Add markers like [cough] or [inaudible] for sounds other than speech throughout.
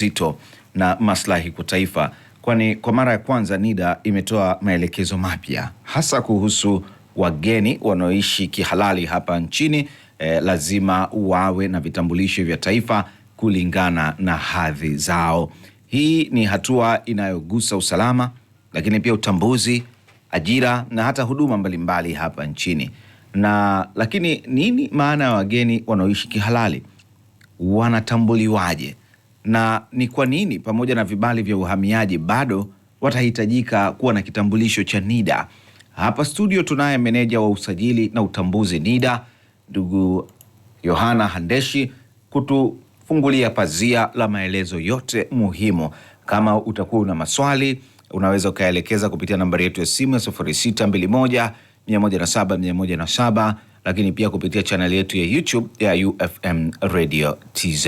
zito na maslahi kwa taifa, kwani kwa mara ya kwanza NIDA imetoa maelekezo mapya hasa kuhusu wageni wanaoishi kihalali hapa nchini eh, lazima wawe na vitambulisho vya taifa kulingana na hadhi zao. Hii ni hatua inayogusa usalama, lakini pia utambuzi, ajira na hata huduma mbalimbali mbali hapa nchini. Na lakini nini maana ya wageni wanaoishi kihalali? Wanatambuliwaje? na ni kwa nini pamoja na vibali vya uhamiaji bado watahitajika kuwa na kitambulisho cha NIDA. Hapa studio tunaye meneja wa usajili na utambuzi NIDA, ndugu Yohana Handeshi kutufungulia pazia la maelezo yote muhimu. Kama utakuwa una maswali, unaweza ukaelekeza kupitia nambari yetu ya simu ya 0621 107 107, lakini pia kupitia chaneli yetu ya YouTube ya UFM Radio TZ.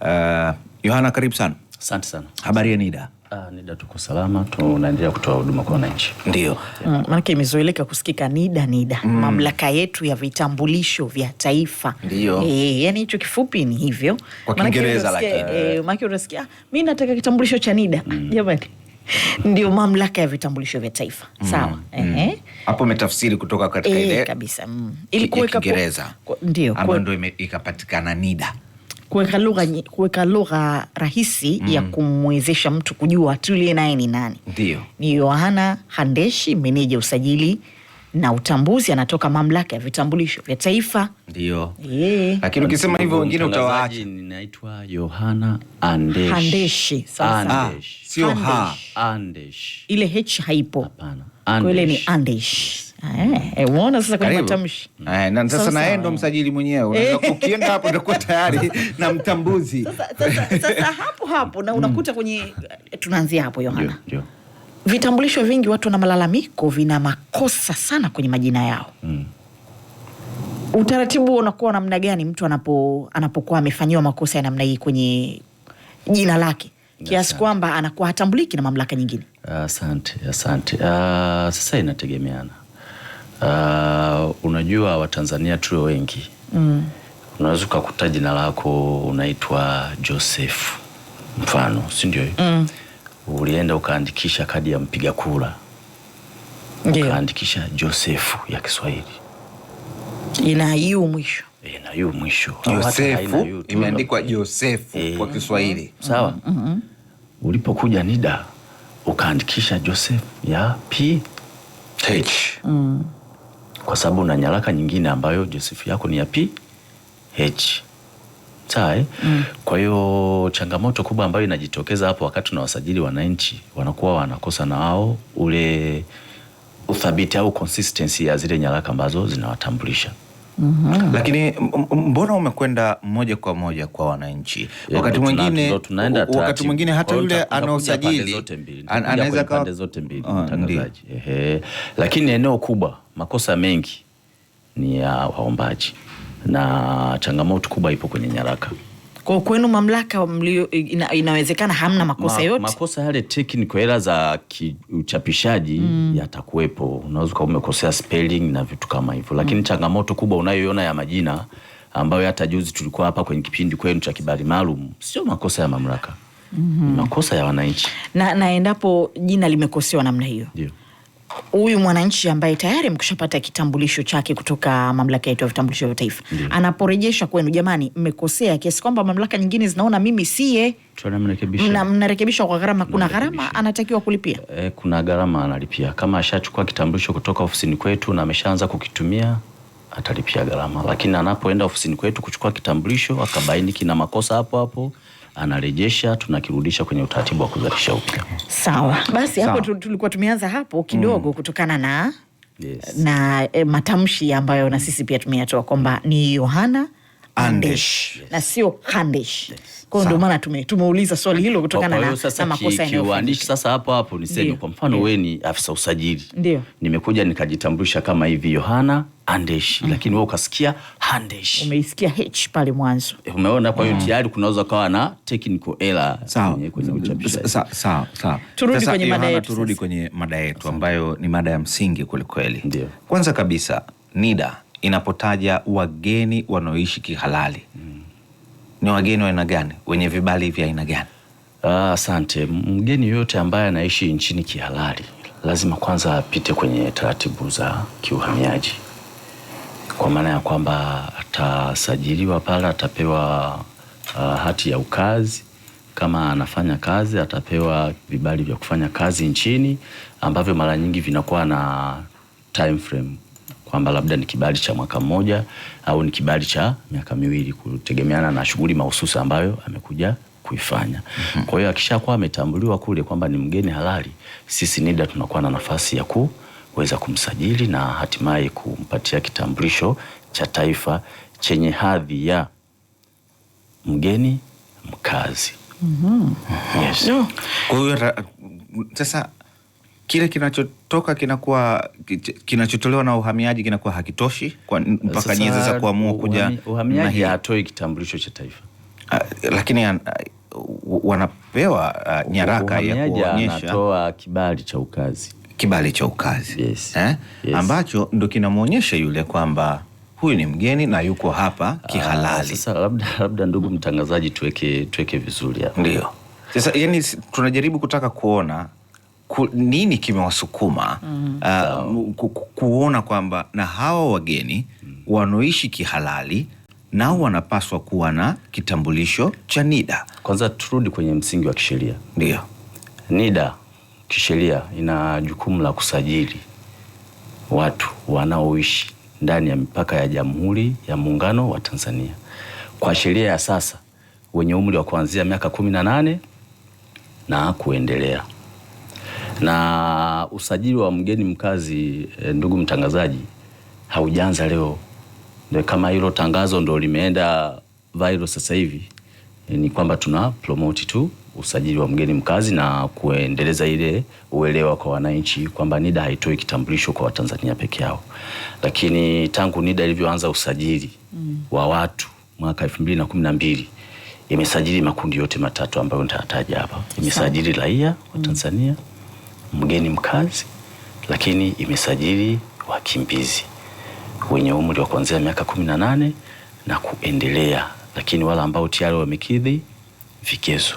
Uh, Yohana, karibu sana. Asante sana. Habari ya NIDA? Uh, NIDA tuko salama, tunaendelea kutoa huduma kwa wananchi. Ndio mm, maanake imezoeleka kusikika NIDA NIDA, mm. mamlaka yetu ya vitambulisho vya taifa. Ndio e, yani hicho kifupi ni hivyo kwa Kiingereza, lakini uh, eh, maanake unasikia ah, mi nataka kitambulisho cha NIDA mm. jamani, mm. ndio mamlaka ya vitambulisho vya taifa mm. sawa mm. Hapo umetafsiri kutoka katika eh, ile kabisa mm. ili kuweka Kiingereza ndio ndio ikapatikana NIDA kuweka lugha kuweka lugha rahisi mm. ya kumwezesha mtu kujua tuliye naye ni nani. Ndio ni Yohana Handeshi, meneja usajili na utambuzi, anatoka mamlaka ya vitambulisho vya taifa. Ndio yeah. Lakini ukisema hivyo wengine utawaacha. Ninaitwa Yohana Handeshi, Handeshi. Sasa sio ha Handeshi, ile h haipo, ile ni Handeshi. Eh, eh, Umeona sasa kwenye matamshi eh, sasa, na ndo msajili mwenyewe. Ukienda hapo utakuwa tayari na mtambuzi [laughs] sasa hapo hapo, na mm. unakuta kwenye, tunaanzia hapo Yohana, vitambulisho vingi watu wana malalamiko, vina makosa sana kwenye majina yao mm. Utaratibu unakuwa namna gani mtu anapo anapokuwa amefanyiwa makosa ya namna hii kwenye jina lake kiasi kwamba anakuwa hatambuliki na mamlaka nyingine? Asante, asante. Uh, sasa inategemeana Uh, unajua Watanzania tuwe wengi mm. Unaweza ukakuta jina lako unaitwa Joseph mfano, si ndio? mm. Ulienda ukaandikisha kadi ya mpiga kura ukaandikisha Joseph ya Kiswahili ina yu mwisho eh, ina yu mwisho Josefu imeandikwa Josefu e, kwa eh. Kiswahili sawa. mm -hmm. Ulipokuja NIDA ukaandikisha Joseph ya P H mm kwa sababu na nyaraka nyingine ambayo Josefu yako ni ya PH sawa. Eh? Mm. Kwa hiyo changamoto kubwa ambayo inajitokeza hapo wakati tunawasajili wananchi wanakuwa wanakosa na wao ule uthabiti au consistency ya zile nyaraka ambazo zinawatambulisha. Mm-hmm. Lakini mbona umekwenda moja kwa moja kwa wananchi? Yeah, yaani wakati mwingine wakati mwingine hata yule anaosajili anaweza pande zote mbili ah, mtangazaji. Ehe. Lakini eneo kubwa makosa mengi ni ya waombaji na changamoto kubwa ipo kwenye nyaraka. Kwa kwenu mamlaka mlio, ina, inawezekana hamna makosa Ma, yote makosa yale technical error za uchapishaji mm. yatakuwepo. Unaweza kuwa umekosea spelling na vitu kama hivyo, lakini mm. changamoto kubwa unayoiona ya majina ambayo hata juzi tulikuwa hapa kwenye kipindi kwenu cha kibali maalum, sio makosa ya mamlaka mm -hmm. makosa ya wananchi na, na endapo jina limekosewa namna hiyo huyu mwananchi ambaye tayari mkishapata kitambulisho chake kutoka mamlaka yetu ya vitambulisho vya taifa mm. anaporejeshwa kwenu, jamani, mmekosea kiasi kwamba mamlaka nyingine zinaona mimi siye, mnarekebisha kwa gharama. Kuna gharama anatakiwa kulipia e, kuna gharama analipia. Kama ashachukua kitambulisho kutoka ofisini kwetu na ameshaanza kukitumia atalipia gharama, lakini anapoenda ofisini kwetu kuchukua kitambulisho akabaini kina makosa hapo hapo anarejesha tunakirudisha kwenye utaratibu wa kuzalisha upya. Sawa basi, hapo tulikuwa tumeanza hapo kidogo mm. kutokana na Yes. na e, matamshi ambayo na sisi pia tumeyatoa kwamba ni Yohana Andesh na sio Handesh. Kwa ndio maana tume, tumeuliza swali hilo kutokana na, na makosa yanayoandishi. Sasa hapo hapo niseme kwa mfano we ni afisa usajili, ndio nimekuja nikajitambulisha kama hivi Yohana Andesh, mm. lakini wewe ukasikia Handesh, umeisikia h pale mwanzo, umeona? Kwa hiyo mm. tayari kunaweza kawa na technical error kwenye uchapishaji. Sawa sawa, turudi kwenye mada yetu, turudi kwenye mada yetu ambayo ni mada ya msingi kweli kweli. Kwanza kabisa NIDA inapotaja wageni wanaoishi kihalali mm. ni wageni wa aina gani? wenye vibali vya aina gani? Ah, asante. mgeni yoyote ambaye anaishi nchini kihalali lazima kwanza apite kwenye taratibu za kiuhamiaji, kwa maana ya kwamba atasajiliwa pale, atapewa uh, hati ya ukazi kama anafanya kazi atapewa vibali vya kufanya kazi nchini ambavyo mara nyingi vinakuwa na time frame kwamba labda ni kibali cha mwaka mmoja au ni kibali cha miaka miwili kutegemeana na shughuli mahususi ambayo amekuja kuifanya. Mm -hmm. Kwa hiyo akishakuwa ametambuliwa kule kwamba ni mgeni halali, sisi NIDA tunakuwa na nafasi ya kuweza kumsajili na hatimaye kumpatia kitambulisho cha taifa chenye hadhi ya mgeni mkazi. Mm -hmm. Yes. No. Kwa hiyo sasa kile kinachotoka kinakuwa kinachotolewa na uhamiaji kinakuwa hakitoshi kwa mpaka nyenzo za kuamua kuja. Uhamiaji hatoi kitambulisho cha taifa uh, lakini uh, wanapewa uh, nyaraka ya kuonyesha, anatoa kibali cha ukazi, kibali cha ukazi yes. Eh? Yes. ambacho ndo kinamwonyesha yule kwamba huyu ni mgeni na yuko hapa ah, kihalali. Sasa labda, labda ndugu mtangazaji, tuweke tuweke vizuri hapo. Ndio sasa, yani tunajaribu kutaka kuona ku, nini kimewasukuma mm uh, ku, kuona kwamba na hawa wageni mm wanaoishi kihalali nao wanapaswa kuwa na kitambulisho cha NIDA. Kwanza turudi kwenye msingi wa kisheria. Ndio, NIDA kisheria ina jukumu la kusajili watu wanaoishi ndani ya mipaka ya Jamhuri ya Muungano wa Tanzania. Kwa sheria ya sasa, wenye umri wa kuanzia miaka kumi na nane na kuendelea na usajili wa mgeni mkazi e, ndugu mtangazaji, haujaanza leo. Ndio kama hilo tangazo ndo limeenda viral sasa hivi e, ni kwamba tuna promote tu usajili wa mgeni mkazi na kuendeleza ile uelewa kwa wananchi kwamba NIDA haitoi kitambulisho kwa Watanzania peke yao, lakini tangu NIDA ilivyoanza usajili mm. wa watu mwaka 2012 imesajili makundi yote matatu ambayo nitataja hapa. Imesajili raia wa mm. Tanzania mm mgeni mkazi, lakini imesajili wakimbizi wenye umri wa kuanzia miaka kumi na nane na kuendelea, lakini wale ambao tayari wamekidhi vigezo.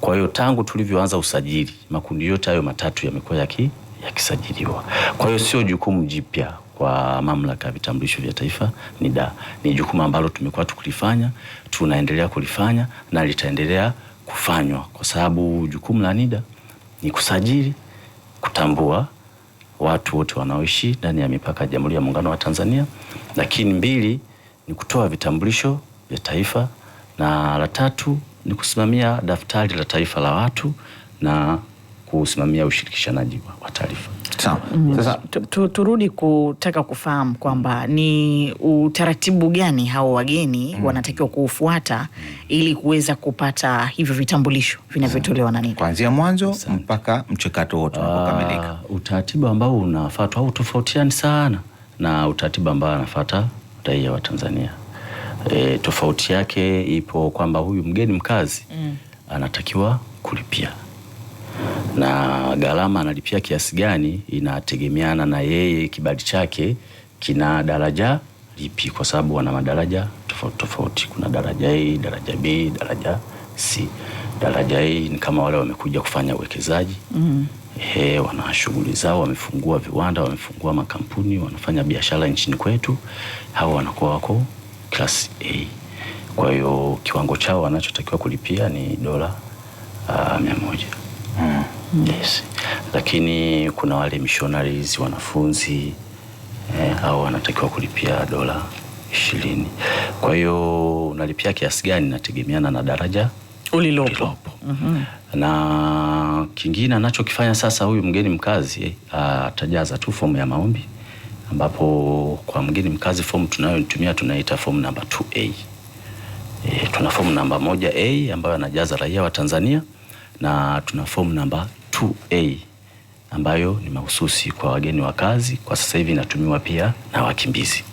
Kwa hiyo tangu tulivyoanza usajili makundi yote hayo matatu yamekuwa yaki yakisajiliwa. Kwa hiyo sio jukumu jipya kwa Mamlaka ya Vitambulisho vya Taifa NIDA, ni jukumu ambalo tumekuwa tukilifanya, tunaendelea kulifanya na litaendelea kufanywa, kwa sababu jukumu la NIDA ni kusajili kutambua watu wote wanaoishi ndani ya mipaka ya Jamhuri ya Muungano wa Tanzania, lakini mbili ni kutoa vitambulisho vya taifa, na la tatu ni kusimamia daftari la taifa la watu na kusimamia ushirikishanaji wa taarifa. Mm. Sasa turudi kutaka kufahamu kwamba ni utaratibu gani hao wageni mm. wanatakiwa kuufuata mm. ili kuweza kupata hivyo vitambulisho vinavyotolewa na nini, kuanzia mwanzo mpaka mchakato wote ah, unapokamilika. Utaratibu ambao unafuatwa hautofautiani sana na utaratibu ambao anafuata raia wa Tanzania. E, tofauti yake ipo kwamba huyu mgeni mkazi mm. anatakiwa kulipia na gharama analipia kiasi gani inategemeana na yeye kibali chake kina daraja lipi, kwa sababu wana madaraja tofauti tofauti. Kuna daraja A, daraja B, daraja C. Daraja A ni kama wale wamekuja kufanya uwekezaji mm -hmm. He, wana shughuli zao, wamefungua viwanda, wamefungua makampuni, wanafanya biashara nchini kwetu. Hao wanakuwa wako class A. Kwa hiyo kiwango chao wanachotakiwa kulipia ni dola ah, mia moja mm. Yes. Lakini kuna wale missionaries wanafunzi eh, au wanatakiwa kulipia dola ishirini. Kwa hiyo unalipia kiasi gani nategemeana na daraja ulilopo. mm -hmm. Na kingine anachokifanya sasa huyu mgeni mkazi ah, atajaza tu fomu ya maombi, ambapo kwa mgeni mkazi fomu tunayotumia tunaita fomu namba 2A. E, eh, tuna fomu namba moja A ambayo anajaza raia wa Tanzania na tuna fomu namba 2A ambayo ni mahususi kwa wageni wa kazi, kwa sasa hivi inatumiwa pia na wakimbizi.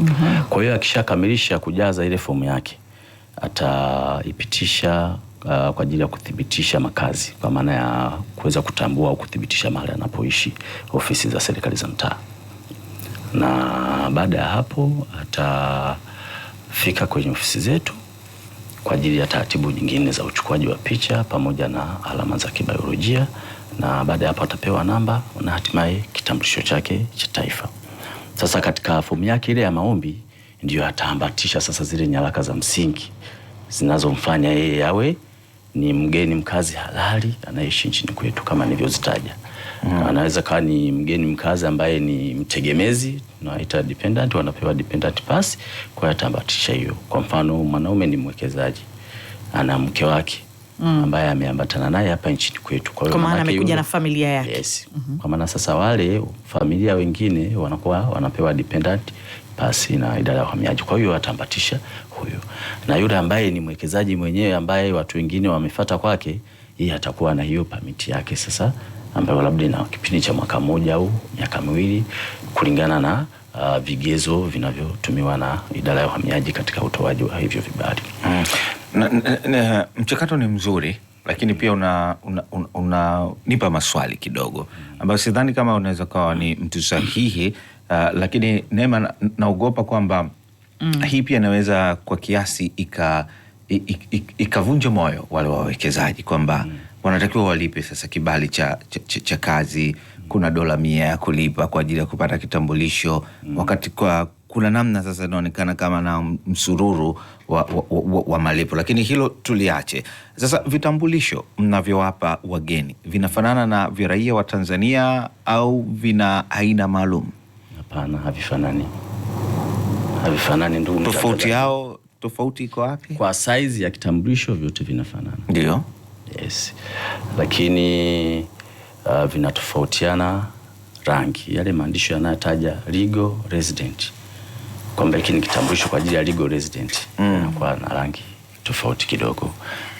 mm -hmm. Kwa hiyo akishakamilisha kujaza ile fomu yake ataipitisha uh, kwa ajili ya kuthibitisha makazi kwa maana ya kuweza kutambua au kuthibitisha mahali anapoishi ofisi za serikali za mtaa, na baada ya hapo atafika kwenye ofisi zetu kwa ajili ya taratibu nyingine za uchukuaji wa picha pamoja na alama za kibiolojia, na baada ya hapo atapewa namba na hatimaye kitambulisho chake cha taifa. Sasa katika fomu yake ile ya maombi ndiyo ataambatisha sasa zile nyaraka za msingi zinazomfanya yeye awe ni mgeni mkazi halali anayeishi nchini kwetu kama nilivyozitaja. Mm. Anaweza kawa ni mgeni mkazi ambaye ni mtegemezi tunaita dependent, wanapewa dependent pass kwa yatambatisha hiyo. Kwa mfano mwanaume ni mwekezaji ana mke wake mm. ambaye ameambatana naye hapa nchini kwetu, kwa hiyo maana amekuja na familia yake yes. mm -hmm. Kwa maana sasa wale familia wengine wanakuwa wanapewa dependent pass na idara ya uhamiaji, kwa hiyo atambatisha huyo, na yule ambaye ni mwekezaji mwenyewe ambaye watu wengine wamefata kwake, yeye atakuwa na hiyo pamiti yake sasa ambayo labda ina kipindi cha mwaka mmoja au miaka miwili kulingana na Uh, vigezo vinavyotumiwa na idara ya uhamiaji katika utoaji wa hivyo vibali. Mm. Mchakato ni mzuri lakini pia unanipa una, una, una maswali kidogo ambayo sidhani kama unaweza ukawa ni mtu sahihi uh, lakini Neema, naogopa kwamba mm. hii pia inaweza kwa kiasi ikavunja ika, ika moyo wale wawekezaji kwamba mm wanatakiwa walipe sasa kibali cha, cha, cha, cha kazi. Kuna dola mia ya kulipa kwa ajili ya kupata kitambulisho mm. wakati kwa kuna namna sasa inaonekana kama na msururu wa, wa, wa, wa malipo, lakini hilo tuliache. Sasa vitambulisho mnavyowapa wageni vinafanana na vya raia wa Tanzania au vina aina maalum? Hapana, havifanani, havifanani ndugu. Tofauti yao, tofauti iko wapi? Kwa saizi ya kitambulisho vyote vinafanana, ndio yes. Lakini uh, vinatofautiana rangi. Yale maandishi yanayotaja legal resident kwamba hiki ni kitambulisho kwa ajili ya legal resident mm. kwa na rangi tofauti kidogo,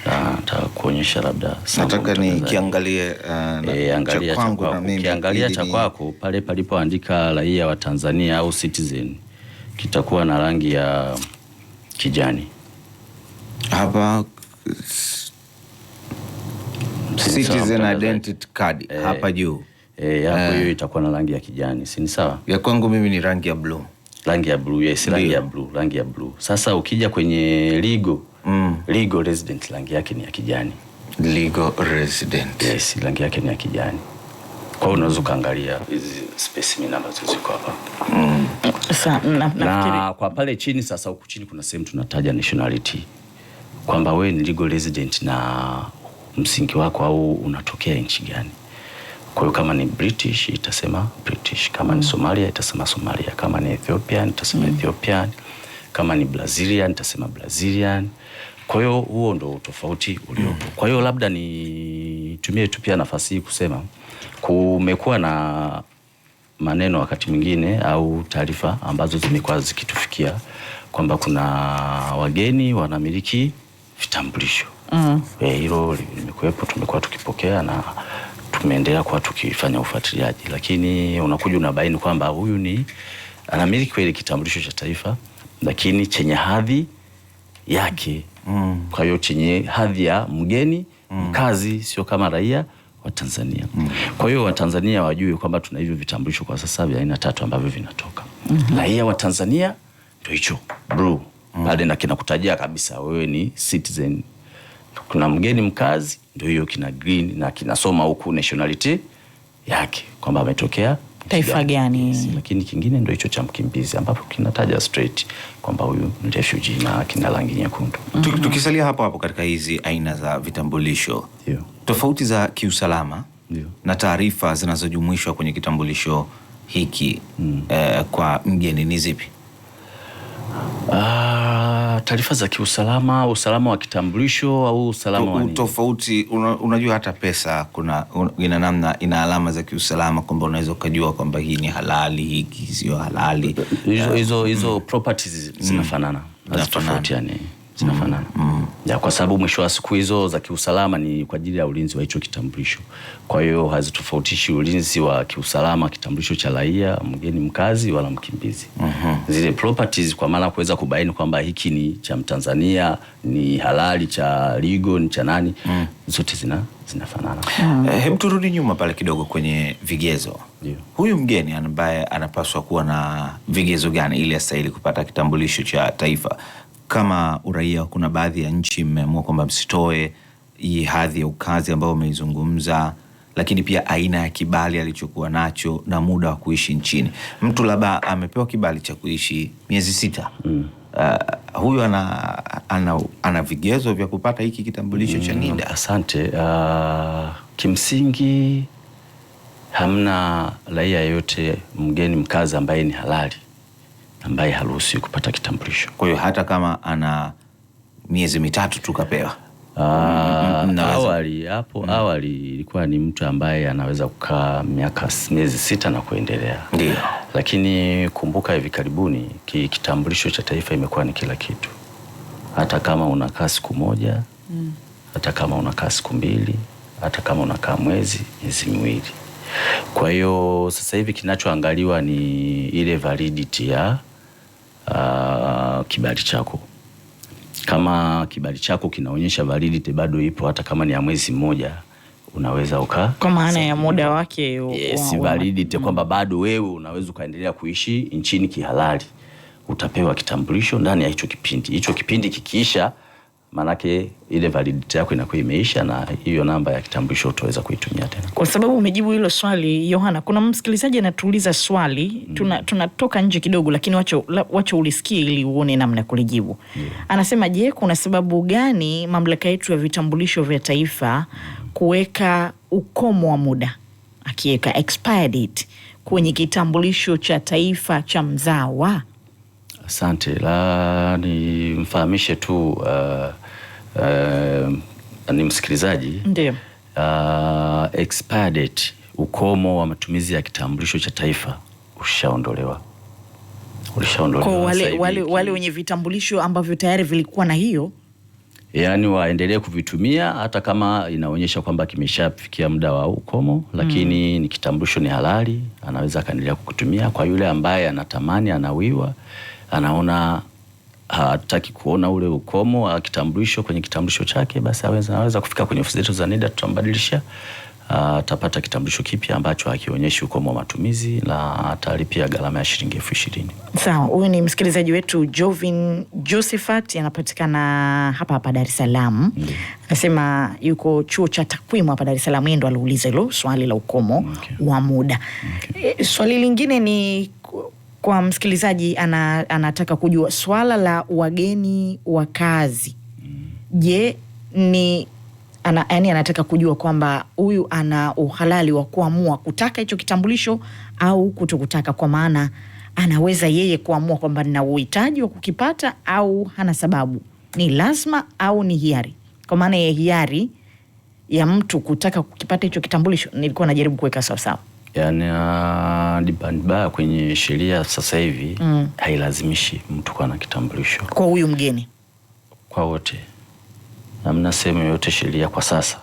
na nitakuonyesha labda. Nataka ni kiangalie uh, eh, cha kwangu na mimi, kiangalia cha kwako pale palipoandika raia wa Tanzania au citizen, kitakuwa na rangi ya kijani hapa citizen identity card eh, hapa juu e, hapo eh. hiyo itakuwa na rangi ya kijani, si ni sawa? Ya kwangu mimi ni rangi ya blue, rangi ya blue, yes, rangi ya blue, rangi ya blue. Sasa ukija kwenye legal mm. legal resident rangi yake ni ya kijani, legal resident, yes, rangi yake ni ya kijani. Kwa hiyo unaweza ukaangalia hizi specimen ambazo ziko hapa mm. na, na kwa pale chini sasa, huku chini kuna sehemu tunataja nationality kwamba wewe ni legal resident na msingi wako au unatokea nchi gani. Kwa hiyo kama ni British itasema British, kama mm. ni Somalia itasema Somalia, kama ni Ethiopian itasema mm. Ethiopian, kama ni Brazilian itasema Brazilian. Kwa hiyo huo ndo tofauti uliopo. Mm. Kwa hiyo labda nitumie tu pia nafasi hii kusema kumekuwa na maneno wakati mwingine au taarifa ambazo zimekuwa zikitufikia kwamba kuna wageni wanamiliki vitambulisho hilo mm. eh, hilo limekuwepo, tumekuwa tukipokea na tumeendelea kuwa tukifanya ufuatiliaji, lakini unakuja unabaini kwamba huyu ni anamiliki kweli kitambulisho cha taifa lakini chenye hadhi yake mm. kwa hiyo chenye hadhi ya mgeni mm. mkazi, sio kama raia wa Tanzania mm. kwa hiyo Watanzania wajue kwamba tuna hivyo vitambulisho kwa sasa vya aina tatu ambavyo vinatoka mm -hmm. raia wa Tanzania ndio hicho blue mm. pale na kinakutajia kabisa wewe ni citizen kuna mgeni mkazi ndio hiyo kina green na kinasoma huku nationality yake kwamba ametokea taifa gani, lakini kingine ndio hicho cha mkimbizi ambapo kinataja straight kwamba huyu ni refugee na kina rangi nyekundu. mm -hmm. Tukisalia hapo hapo katika hizi aina za vitambulisho Dio. tofauti za kiusalama Dio. na taarifa zinazojumuishwa kwenye kitambulisho hiki mm. eh, kwa mgeni ni zipi? Uh, taarifa za kiusalama, usalama wa kitambulisho au usalama wa tofauti. Una, unajua hata pesa kuna ina namna ina alama za kiusalama kwamba unaweza ukajua kwamba hii ni halali, hiki sio halali. Hizo hizo ah, mm. properties zinafanana, hazitofautiani zinafanana mm. Mm. kwa sababu mwisho wa siku hizo za kiusalama ni kwa ajili ya ulinzi wa hicho kitambulisho. Kwa hiyo hazitofautishi ulinzi wa kiusalama kitambulisho cha raia, mgeni mkazi wala mkimbizi mm -hmm. zile properties kwa maana kuweza kubaini kwamba hiki ni cha Mtanzania, ni halali cha ligo, ni cha nani mm. zote zina zinafanana mm. Eh, hebu turudi nyuma pale kidogo kwenye vigezo yeah. Huyu mgeni ambaye anapaswa kuwa na vigezo gani ili astahili kupata kitambulisho cha taifa? kama uraia, kuna baadhi ya nchi mmeamua kwamba msitoe hii hadhi ya ukazi ambayo umeizungumza, lakini pia aina ya kibali alichokuwa nacho na muda wa kuishi nchini. Mtu labda amepewa kibali cha kuishi miezi sita mm. Uh, huyu ana, ana, ana vigezo vya kupata hiki kitambulisho mm, cha NIDA. Asante. Uh, kimsingi hamna raia yeyote mgeni mkazi ambaye ni halali ambaye haruhusi kupata kitambulisho. Kwa hiyo hata kama ana miezi mitatu tu kapewa mm, awali hapo mm. Awali ilikuwa ni mtu ambaye anaweza kukaa miaka miezi sita na kuendelea, ndio. Lakini kumbuka hivi karibuni kitambulisho cha taifa imekuwa ni kila kitu, hata kama unakaa siku moja mm. hata kama unakaa siku mbili, hata kama unakaa mwezi, miezi miwili. Kwa hiyo sasa hivi kinachoangaliwa ni ile validity ya uh, kibali chako. Kama kibali chako kinaonyesha validity bado ipo, hata kama ni ya mwezi mmoja unaweza uka kwa maana ya muda wake yes, eh, validity mm. kwamba bado wewe unaweza ukaendelea kuishi nchini kihalali, utapewa kitambulisho ndani ya hicho kipindi. Hicho kipindi kikiisha maanake ile validity yako inakuwa imeisha na hiyo namba ya kitambulisho utaweza kuitumia tena. Kwa sababu umejibu hilo swali Yohana, kuna msikilizaji anatuuliza swali mm. tunatoka tuna nje kidogo, lakini wacho, wacho ulisikie ili uone namna kulijibu yeah. Anasema, je, kuna sababu gani mamlaka yetu ya vitambulisho vya taifa kuweka ukomo wa muda akiweka expired date kwenye kitambulisho cha taifa cha mzawa? Asante la nimfahamishe tu uh, uh, ni msikilizaji uh, ah, date, ukomo wa matumizi ya kitambulisho cha taifa ushaondolewa ulishaondolewa wale, wale, wale wenye vitambulisho ambavyo tayari vilikuwa na hiyo yaani waendelee kuvitumia hata kama inaonyesha kwamba kimeshafikia muda wa ukomo, lakini mm. ni kitambulisho ni halali, anaweza akaendelea kukitumia. Kwa yule ambaye anatamani, anawiwa, anaona hataki kuona ule ukomo wa kitambulisho kwenye kitambulisho chake, basi aweza, aweza kufika kwenye ofisi zetu za NIDA tutambadilisha, ah, atapata kitambulisho kipya ambacho hakionyeshi ukomo wa matumizi na atalipia gharama ya shilingi elfu ishirini. Sawa, huyu ni msikilizaji wetu Jovin Josephat, anapatikana hapa hapa Dar es Salaam. Anasema yuko chuo cha takwimu hapa Dar es Salaam, yeye ndo aliuliza hilo swali la ukomo okay. wa muda okay. E, swali lingine ni kwa msikilizaji ana, anataka kujua swala la wageni wa kazi Je, ni ana, yani anataka kujua kwamba huyu ana uhalali wa kuamua kutaka hicho kitambulisho au kutokutaka, kwa maana anaweza yeye kuamua kwamba nina uhitaji wa kukipata au hana sababu, ni lazima au ni hiari, kwa maana ya hiari ya mtu kutaka kukipata hicho kitambulisho. Nilikuwa najaribu kuweka sawasawa yani dibani ah, kwenye sheria sasa hivi mm. hailazimishi mtu kuwa na kitambulisho kwa huyu mgeni, kwa wote. namna sehemu yoyote sheria kwa sasa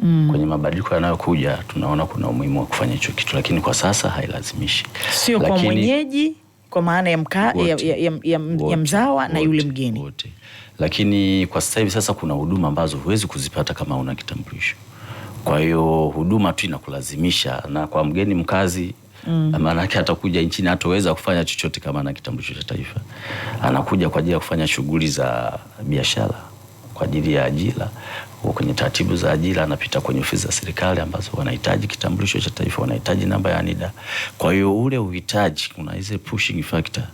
mm. kwenye mabadiliko yanayokuja tunaona kuna umuhimu wa kufanya hicho kitu, lakini kwa sasa hailazimishi, sio kwa mwenyeji kwa maana ya, mka, wote, ya, ya, ya, ya, ya mzawa wote, na yule mgeni wote. Lakini kwa sasa hivi sasa kuna huduma ambazo huwezi kuzipata kama una kitambulisho. Kwa hiyo huduma tu inakulazimisha, na kwa mgeni mkazi mm. yake atakuja nchini hataweza kufanya chochote kama ana kitambulisho cha taifa, anakuja kwa ajili ya kufanya shughuli za biashara kwa ajili ya ajira kwenye taratibu za ajira anapita kwenye ofisi za serikali ambazo wanahitaji kitambulisho cha taifa, wanahitaji namba ya NIDA. Kwa hiyo ule uhitaji, kuna hizo pushing factor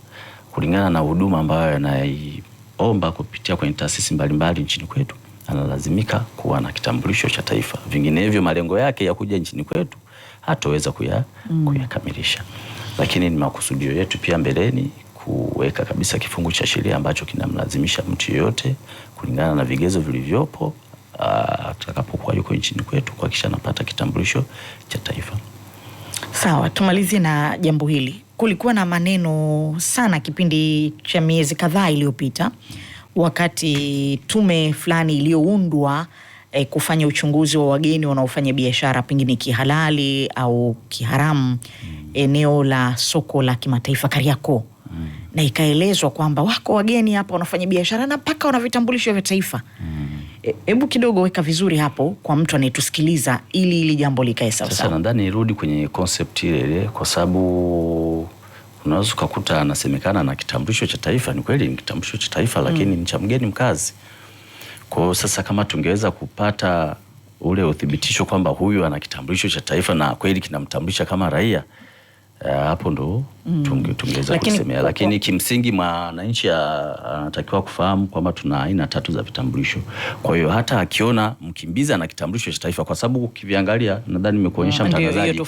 kulingana na huduma ambayo anaiomba kupitia kwenye taasisi mbalimbali nchini kwetu analazimika kuwa na kitambulisho cha taifa, vinginevyo malengo yake ya kuja nchini kwetu hataweza kuya, mm. kuyakamilisha. Lakini ni makusudio yetu pia mbeleni kuweka kabisa kifungu cha sheria ambacho kinamlazimisha mtu yeyote kulingana na vigezo vilivyopo atakapokuwa yuko nchini kwetu kuhakikisha anapata kitambulisho cha taifa. Sawa, tumalizie na jambo hili. Kulikuwa na maneno sana kipindi cha miezi kadhaa iliyopita wakati tume fulani iliyoundwa e, kufanya uchunguzi wa wageni wanaofanya biashara pengine kihalali au kiharamu mm. eneo la soko la kimataifa Kariakoo mm. na ikaelezwa kwamba wako wageni hapa wanafanya biashara na mpaka wana vitambulisho vya taifa mm. E, hebu kidogo weka vizuri hapo kwa mtu anayetusikiliza ili ili jambo likae sawa sawa. Sasa nadhani nirudi kwenye concept ile ile kwa sababu unaweza ukakuta anasemekana na kitambulisho cha taifa. Ni kweli ni kitambulisho cha taifa, mm. lakini mm. ni cha mgeni mkazi. Kwa hiyo sasa, kama tungeweza kupata ule uthibitisho kwamba huyu ana kitambulisho cha taifa na kweli kinamtambulisha kama raia eh, hapo ndo mm. tungeweza lakini, kusemea, lakini kimsingi mwananchi ah, anatakiwa kufahamu kwamba tuna aina tatu za vitambulisho. Kwa hiyo hata akiona mkimbiza na kitambulisho cha taifa, kwa sababu ukiviangalia, nadhani nimekuonyesha ah, mtangazaji,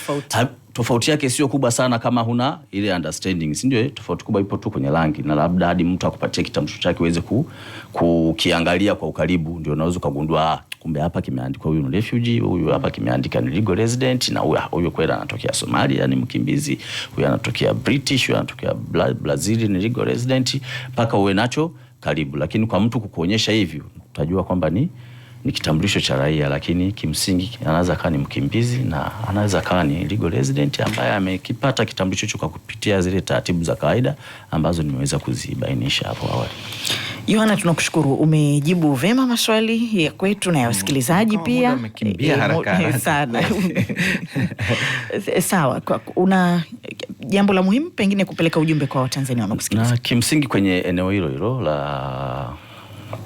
tofauti yake sio kubwa sana kama huna ile understanding, si ndio? Eh? Tofauti kubwa ipo tu kwenye rangi, na labda hadi mtu akupatie kitamsho chake uweze ku, kukiangalia kwa ukaribu, ndio unaweza ukagundua, ah, kumbe hapa kimeandikwa huyu ni refugee, huyu hapa kimeandika ni legal resident, na huyu kweli anatokea Somalia ni mkimbizi, huyu anatokea British, huyu anatokea Brazil ni legal resident, mpaka uwe nacho karibu. Lakini kwa mtu kukuonyesha hivyo utajua kwamba ni ni kitambulisho cha raia, lakini kimsingi anaweza kaa ni mkimbizi na anaweza kaa ni legal resident ambaye amekipata kitambulisho hicho kwa kupitia zile taratibu za kawaida ambazo nimeweza kuzibainisha hapo awali. Yohana, tunakushukuru, umejibu vema maswali ya kwetu na ya wasikilizaji pia. Umekimbia eh, eh, haraka [laughs] sana. [laughs] Sawa, una jambo la muhimu pengine kupeleka ujumbe kwa Watanzania wanaokusikiliza? Na kimsingi kwenye eneo hilo hilo la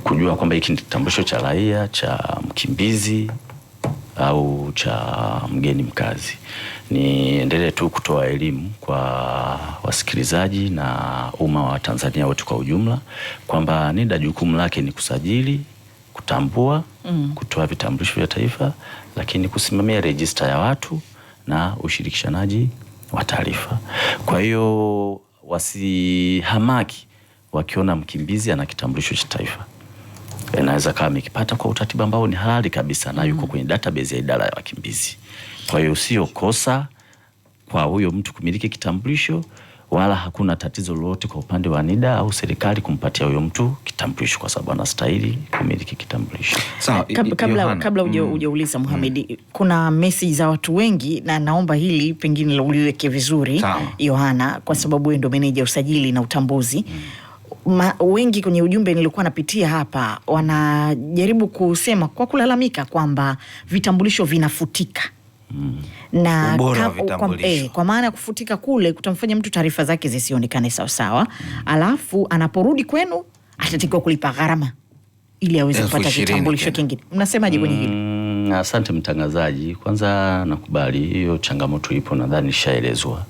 kujua kwamba hiki ni kitambulisho cha raia cha mkimbizi au cha mgeni mkazi. Niendelee tu kutoa elimu kwa wasikilizaji na umma wa Tanzania wote kwa ujumla kwamba NIDA jukumu lake ni kusajili, kutambua, mm. kutoa vitambulisho vya taifa, lakini kusimamia rejista ya watu na ushirikishanaji wa taarifa. Kwa hiyo wasihamaki wakiona mkimbizi ana kitambulisho cha taifa inaweza eh, kawa amekipata kwa utaratibu ambao ni halali kabisa na yuko mm. kwenye database ya idara ya wakimbizi. Kwa hiyo sio kosa kwa huyo mtu kumiliki kitambulisho wala hakuna tatizo lolote kwa upande wa NIDA au serikali kumpatia huyo mtu kitambulisho kwa sababu anastahili kumiliki kitambulisho. Sawa, kabla, kabla, kabla uja, mm, Muhamedi mm, kuna meseji za watu wengi na naomba hili pengine uliweke vizuri Yohana, kwa mm. sababu wewe ndio meneja usajili na utambuzi mm ma, wengi kwenye ujumbe nilikuwa napitia hapa wanajaribu kusema kwa kulalamika kwamba vitambulisho vinafutika. Hmm. Na kwa, eh, kwa maana ya kufutika kule kutamfanya mtu taarifa zake zisionekane sawasawa. Hmm. Alafu anaporudi kwenu atatakiwa kulipa gharama ili aweze kupata kitambulisho kingine. Mnasemaje kwenye hili? Mm, asante mtangazaji. Kwanza nakubali hiyo changamoto ipo, nadhani ishaelezwa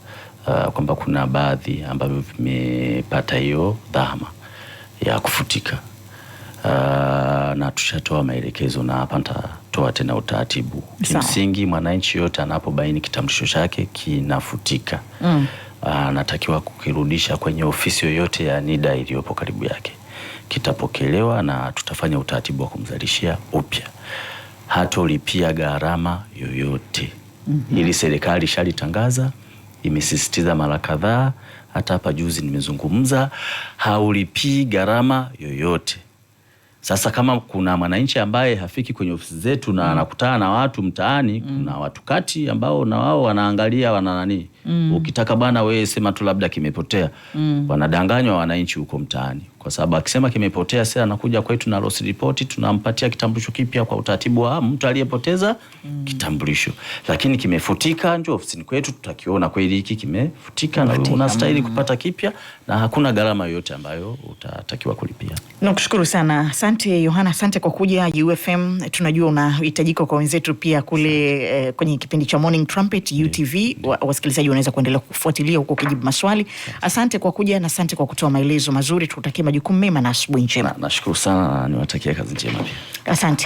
uh, kwamba kuna baadhi ambavyo vimepata hiyo dhama ya kufutika uh, na tushatoa maelekezo na hapa nitatoa tena utaratibu. Kimsingi, mwananchi yote anapobaini kitambulisho chake kinafutika mm. Uh, anatakiwa kukirudisha kwenye ofisi yoyote ya NIDA iliyopo karibu yake, kitapokelewa na tutafanya utaratibu wa kumzalishia upya, hatolipia gharama yoyote mm -hmm. ili serikali ishalitangaza imesisitiza mara kadhaa, hata hapa juzi nimezungumza, haulipii gharama yoyote. Sasa kama kuna mwananchi ambaye hafiki kwenye ofisi zetu na mm. anakutana na watu mtaani mm. kuna watu kati ambao na wao wanaangalia wana nani mm. Ukitaka bana, wewe sema tu labda kimepotea mm. Wanadanganywa wananchi huko mtaani, kwa sababu akisema kimepotea, sasa anakuja kwetu na loss report, tunampatia kitambulisho kipya kwa utaratibu wa mtu aliyepoteza mm. kitambulisho. Lakini kimefutika, njoo ofisini kwetu tutakiona kweli hiki kimefutika na unastahili mm. kupata kipya, na hakuna gharama yoyote ambayo utatakiwa kulipia. Nakushukuru sana, asante Yohana, asante kwa kuja UFM. Tunajua unahitajika kwa wenzetu pia kule eh, kwenye kipindi cha Morning Trumpet UTV, wasikilizaji unaweza kuendelea kufuatilia huko ukijibu maswali. Asante kwa kuja na asante kwa kutoa maelezo mazuri, tukutakie majukumu mema na asubuhi njema. Nashukuru sana na niwatakia kazi njema pia. Asante.